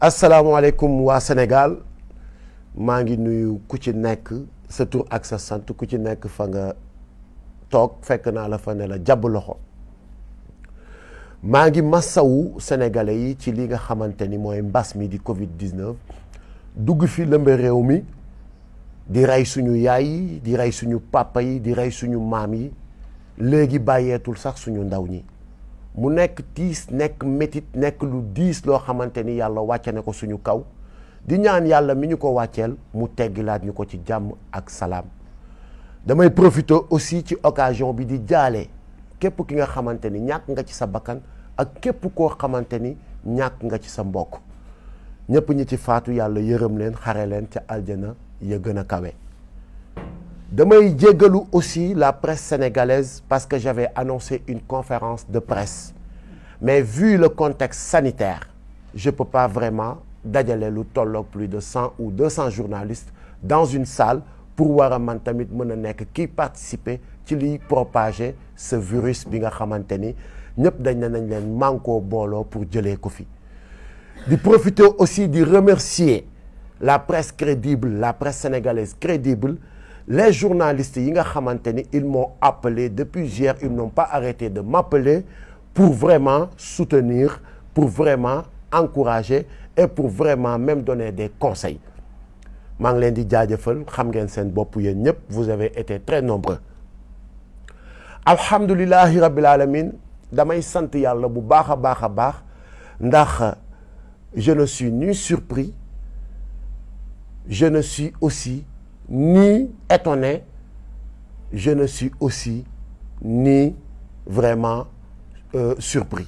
asalaamaaleykum waa Sénégal maa ngi nuyu ku ci nekk sa tur ak sa sant ku ci nekk fa nga toog fekk naa la fa ne la jàbb loxo maa ngi massawu sénégalais yi ci li nga xamante ni mooy mbas mi di Covid 19 dugg fi lëmbe réew mi di rey suñu yaay yi di rey suñu papa yi di rey suñu maam yi léegi bàyyeetul sax suñu ndaw ñi. mu nekk tiis nekk métit nekk lu diis loo xamante ni yàlla wàcce na ko suñu kaw di ñaan yàlla mu ñu ko wàcceel mu teggilaat ñu ko ci jàmm ak salaam damay profiter aussi ci occasion bi di jaale képp ki nga xamante ni ñàkk nga ci sa bakkan ak képp koo xamante ni ñàkk nga ci sa mbokk ñëpp ñi ci faatu yàlla yërëm leen xare leen ca aljana ya gën a kawe damay jéggalu aussi la presse sénégalaise parce que j'avais annoncé une conférence de presse mais vu le contexte sanitaire je ne peux pas vraiment dajale plus de 100 ou 200 journalistes dans une salle pour voir un man tamit qui participait, qui lui propageait ce virus pour profiter aussi de remercier la presse crédible la presse sénégalaise crédible les journalistes yi ils m'ont appelé depuis hier ils n'ont pas arrêté de m'appeler pour vraiment soutenir pour vraiment encourager et pour vraiment même donner des conseils Je vous remercie, di vous xam vous avez été très nombreux Alhamdulillah, rabbil alamin damay sant Yalla, bu je ne suis ni surpris je ne suis aussi ni étonné, je ne suis aussi ni vraiment euh, surpris.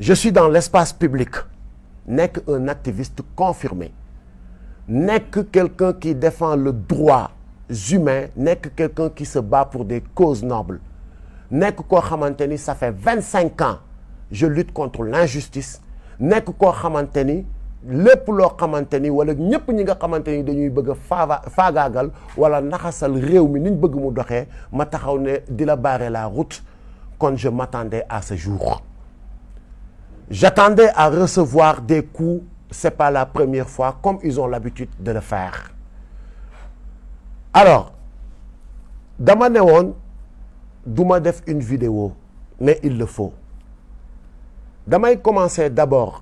Je suis dans l'espace public, n'est qu'un activiste confirmé, n'est que quelqu'un qui défend le droit humain, n'est que quelqu'un qui se bat pour des causes nobles, n'est que quoi ça fait 25 ans, je lutte contre l'injustice, n'est que quoi lepp lo xamanteni wala ñëpp ñi nga xamanteni ni dañuy bëgg a ou faagaagal wala naxasal réew mi niñ bëgg mu doxé ma taxaw né dila barrer la route Quand je m'attendais à ce jour j'attendais à recevoir des coups c'est pas la première fois comme ils ont l'habitude de le faire alors dama ne duma def une vidéo mais il le faut damay commencer d'abord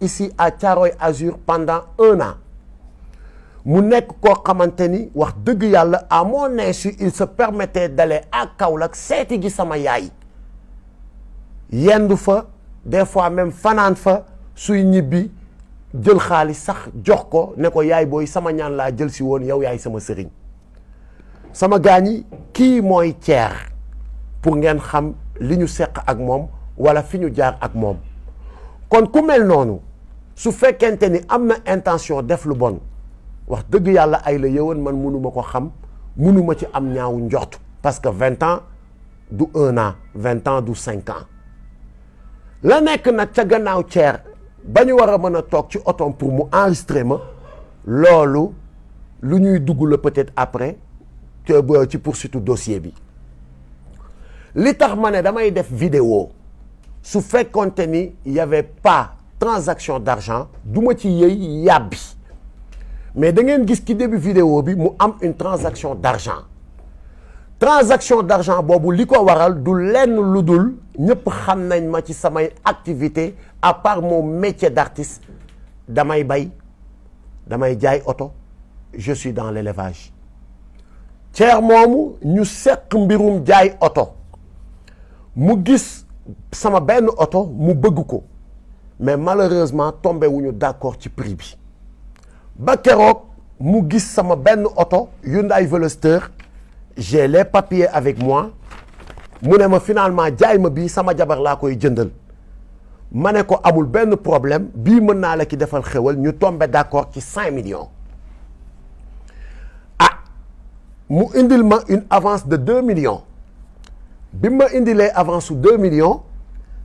ici à Thiaroye Azur pendant un an mu nekk koo xamante wax à mon insu il se permettait d'aller à Kaoulak, c'était gi sama yaay yendu fa des fois même fanaan fa suy nibi, djel khali sax jox ko ne ko yaay booy sama ñaan la djel si won, yow yaay sama sama ki tièr, pour ngeen xam li ñu ak mom, wala fi ñu jaar ak mom. kon ku mel su fekkente ni am na intention def lu bon wax dëgg yàlla ay la yëwan man mënuma ko xam mënuma ci am ñaaw njort parce que vingt ans du un an vingt ans du cinq ans la nekk nag ca gannaaw ceer ba ñu war a mën a toog ci otom pour mu enregistrer ma loolu lu ñuy dugg la peut-être après te ci poursuite dossier bi li tax ma ne damay def vidéo su fekkonte ni y avait pas transaction d'argent du ma ci mais da ngeen gis ci début vidéo bi mu am une transaction d'argent transaction d'argent bobu li ko waral du len ludul, dul ñëpp xam nañ ma ci samay activité à part mon métier d'artiste damay bay damay jaay auto, je suis dans l'élevage ceer momu, ñu seq mbirum jaay auto. mu gis sama benn auto, mu bëgg ko mais malheureusement tombé wuñu d'accord ci prix bi ba keroog mu gis sama benn oto Hyundai Veloster j'ai les papiers avec moi mu ne ma finalement jaay ma bi sama jabar la koy jëndal mané ko amul ben problème bi mën na la ki defal xewal ñu tombé d'accord ci 5 millions ah mu indil ma une avance de 2 millions bi ma indilee avance de 2 millions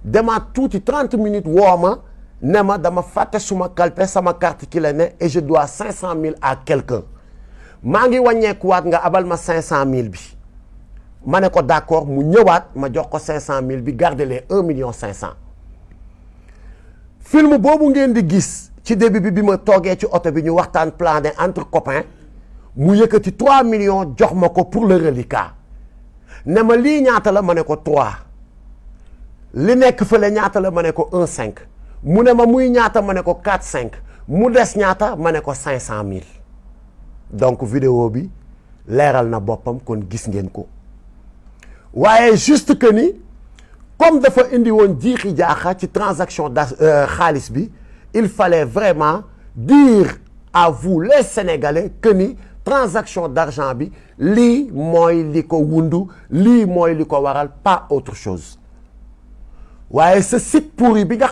demaat tout 30 minutes woo nema dama suma kalpe sama carte qui et je dois 500 000 à quelqu'un mangi dois wàññeekuwaat nga abal ma 500000 bi ko d'accord mu ñëwaat ma jox ko 500000 bi garder les 1 million 500. film Si ngeen di gis ci début bi bi ma toogee ci auto bi ñu entre copains mu yëkkati 3 millions jox pour le reliquat nema ma la ko 3 li nekk fële ñaata la ma ne ko 1,5. 5 mu ne ma muy ñaata ma ne ko 4 mu des ñaata ma ko 500 000 donc vidéo bi leeral na boppam kon gis ngeen ko waaye juste que ni comme dafa indi woon jiixi jaaxa ci transaction d' euh, xaalis bi il fallait vraiment dire à vous les sénégalais que ni transaction d'argent, bi li mooy li ko wundu li mooy li ko waral pas autre chose Ouais ce site pourri bi nga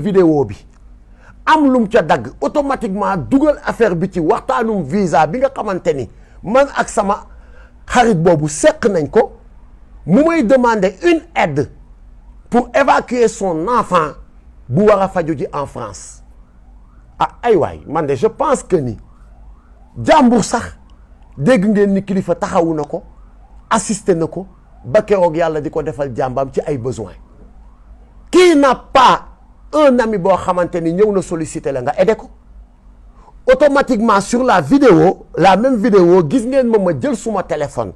vidéo bi am lum dag automatiquement dugal affaire bi ci visa bi nga xamanteni man ak sama xarit bobu nañ ko demander une aide pour évacuer son enfant en France ah ay way je pense que ni jambour sax dégg ngeen ni kilifa taxawu nako assister nako defal besoin qui n'a pas un ami qui a été ñëw solliciter automatiquement sur la vidéo la même vidéo gis me dis ma sur mon téléphone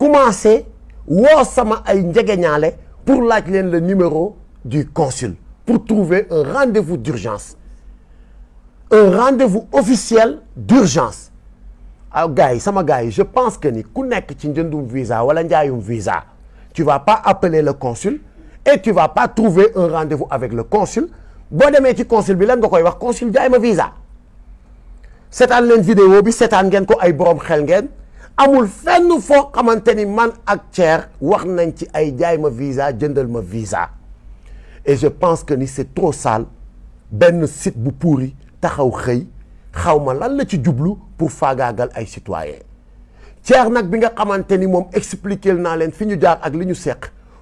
Commencez, vous sama ay pour le numéro du consul pour trouver un rendez-vous d'urgence un rendez-vous officiel d'urgence ah guy, je pense que si ku avez un visa tu ne visa vas pas appeler le consul et tu vas pas trouver un rendez-vous avec le consul Bon, demain ci consul bi lan nga koy wax consul jaay ma visa seetaan leen vidéo bi seetaan ngeen ko ay borom xel ngeen amul fennu fo xamante ni man ak Thier wax nañ ci ay jay ma visa jëndal ma visa et je pense que ni c'est trop sale ben site bu pourri taxaw xëy xaw ma lan la ci jublu pour faagaagal ay citoyens Thier nak bi nga xamante expliquer naa len fi jaar ak li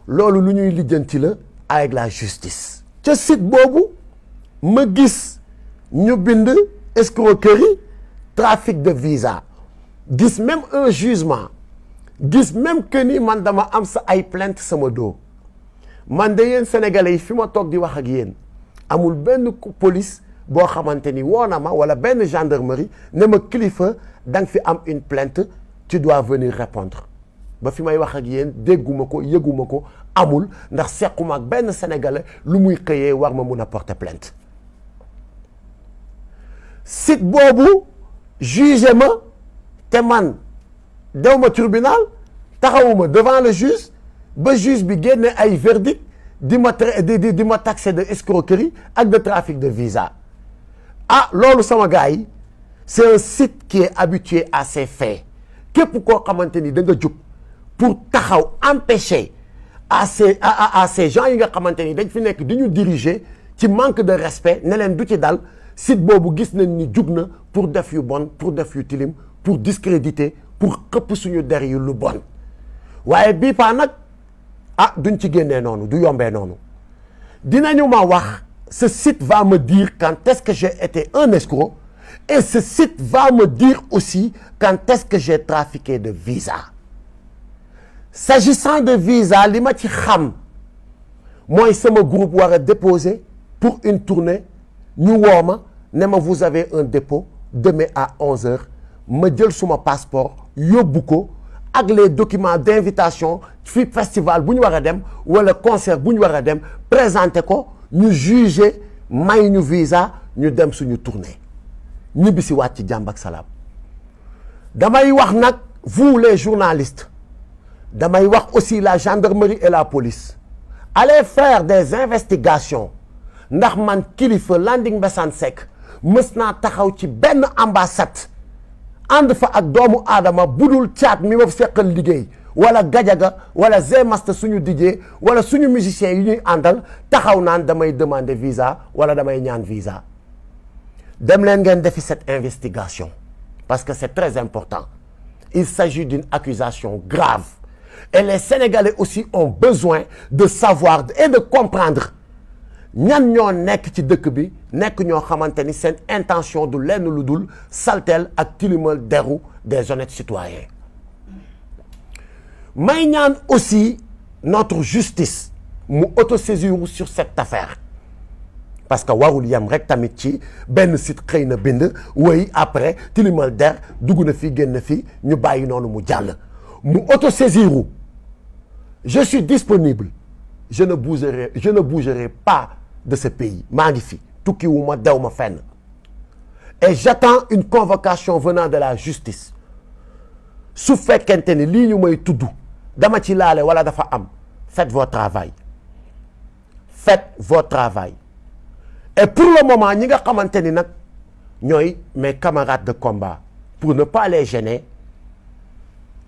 loolu lu ñuy lijjanti la avec la justice ci site bobu ma gis ñu bind escroquerie trafic de visa gis même un jugement gis même que ni man dama am sa plainte sama de sénégalais fi ma tok di wax ak amul police bo xamanteni ni wala gendarmerie ne ma une plainte tu dois venir répondre ba fi may wax ak yeen dégguma ko amul ndax sequma ak ben sénégalais lu muy xeyé war ma mun porter plainte site boobu jugé ma te man dew tribunal taxawuma devant le juge ba juge bi génne ay verdict di ma di di di ma taxé de escroquerie ak de trafic de visa ah lolu sama gaay c'est un site qui est habitué à ces faits képp pourquoi xamante ni da nga pour taxaw empêcher à ces à à ces gens yi nga xamante des dañ fi nekk di diriger ci manque de respect ne leen du ci dal site boobu gis nañ ni jug pour défier bon pour défier yu tilim pour discréditer pour xëpp suñu der yu lu bon ouais bii paa nak ah duñ ci génnee noonu du yombee noonu dinañu ma wax ce site va me dire quand est-ce que j'ai été un escroc et ce site va me dire aussi quand est-ce que j'ai trafiqué de visa s'agissant de visa li ma ci xam mon groupe war a déposé pour une tournée Nous avons, vous avez un dépôt demain à 11h ma sur mon passeport yo ak les documents d'invitation le festival ou ñu concert bu dem présenter ko ñu juger une visa ñu dem suñu tournée Nous avons ci jàmm ak salaam damay wax vous les journalistes damay wax aussi la gendarmerie et la police allez faire des investigations ndax man Landing Mbessane Seck mës Ben taxaw ci benn ambassade ànd fa ak doomu aadama budul Chat, mi ma seqal liggéey wala gajaga wala zmasta suñu DJ wala suñu Musicien yi ñuy àndal taxaw naan damay demander visa wala damay ñaan visa dem leen cette investigation parce que c'est très important il s'agit d'une accusation grave et les Sénégalais aussi ont besoin de savoir et de comprendre ñan ñoo nekk ci intention de lenn l'udul s'attelle ak des honnêtes citoyens nous avons aussi notre justice mu autosaisie sur cette affaire parce que warul nous rek tamit ci nous site après fi auto-saisirons. je suis disponible je ne bougerai je ne bougerai pas de ce pays magnifique. ngi fi tukkiwu ma daw ma fenn et j'attends une convocation venant de la justice su fait ni lii ñu may tudd dama ci laale wala dafa am faites votre travail faites votre travail et pour le moment ñi nga xamante ni mes camarades de combat pour ne pas les gêner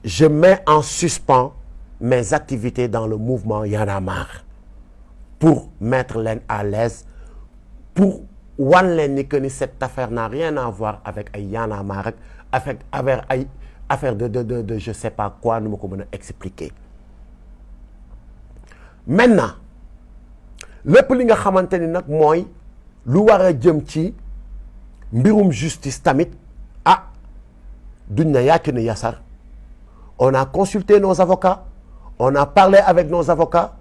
je mets en suspens mes activités dans le mouvement Yanamar pour mettre l'en à l'aise, pour voir ni que cette affaire n'a rien à voir avec Yanamar avec affaire de de de je sais pas quoi nous ma ko expliquer maintenant le li nga xamante ni nag mooy lu a jëm mbirum justice tamit ah duñ na yasar on a consulté nos avocats on a parlé avec nos avocats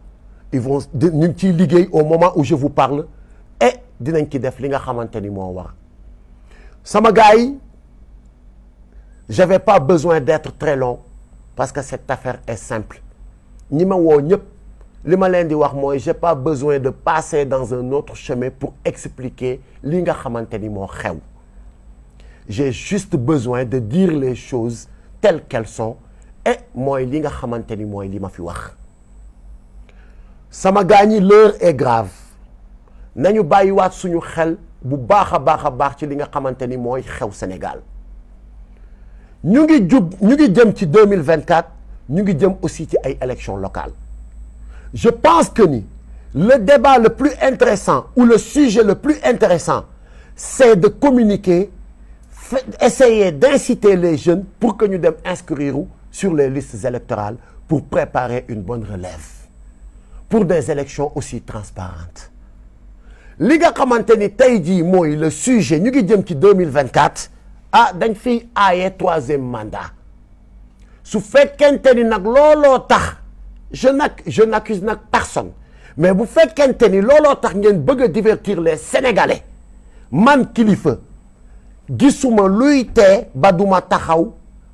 ils vont nous liguer au moment où je vous parle et ils vont def li nga xamante ni j'avais pas besoin d'être très long parce que cette affaire est simple Ni ma j'ai pas besoin de passer dans un autre chemin pour expliquer li nga j'ai juste besoin de dire les choses telles qu'elles sont et eh, moi li nga sais pas mooy li ma fi wax Ça m'a leur l'heure est grave Nous avons suñu xel bu baax a baax ci li nga xamante de xew Sénégal ñu ngi jub ñu ngi jëm en 2024 nous ngi aussi ci ay élections locales je pense que ni le débat le plus intéressant ou le sujet le plus intéressant c'est de communiquer essayer d'inciter les jeunes pour que nous nous inscrire sur les listes électorales pour préparer une bonne relève pour des élections aussi transparentes Ce nga est le sujet de qui 2024 a dañ troisième mandat Ce qui est le je je n'accuse personne mais vous faites ni lolo tax ngeen bëgg a divertir les sénégalais man kilife, gisuma luy de ba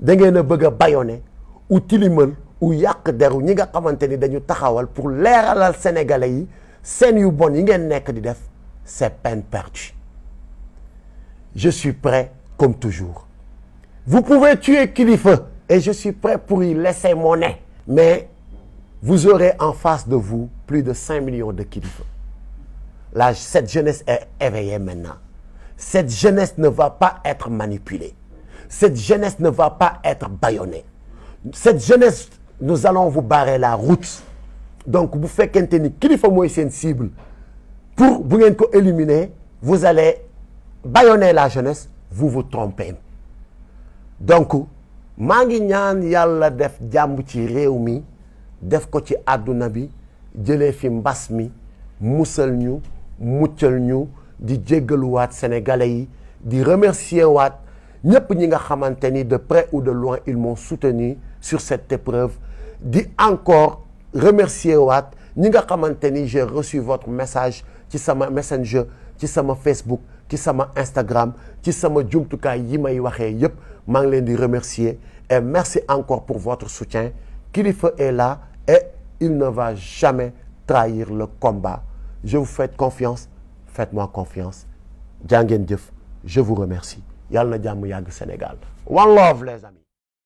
pour peine perdue je suis prêt comme toujours vous pouvez tuer Kilife et je suis prêt pour y laisser mon nez mais vous aurez en face de vous plus de 5 millions de Kilife. cette jeunesse est éveillée maintenant cette jeunesse ne va pas être manipulée cette jeunesse ne va pas être baïonnée. cette jeunesse nous allons vous barrer la route donc vous faites qu'il qu'il moins sensible cible pour vous éliminer vous allez bâillonner la jeunesse vous vous trompez donc je ñaan def def sénégalais remercier de près ou de loin ils m'ont soutenu sur cette épreuve dit encore remercier Wat. nga j'ai reçu votre message ci sama messenger ci sama Facebook ci sama Instagram qui sama jumtukaay yi may remercier et merci encore pour votre soutien Kilifo est là et il ne va jamais trahir le combat je vous fais confiance faites-moi confiance je vous remercie yàlla na jàmm yàgg Sénégal one love les amis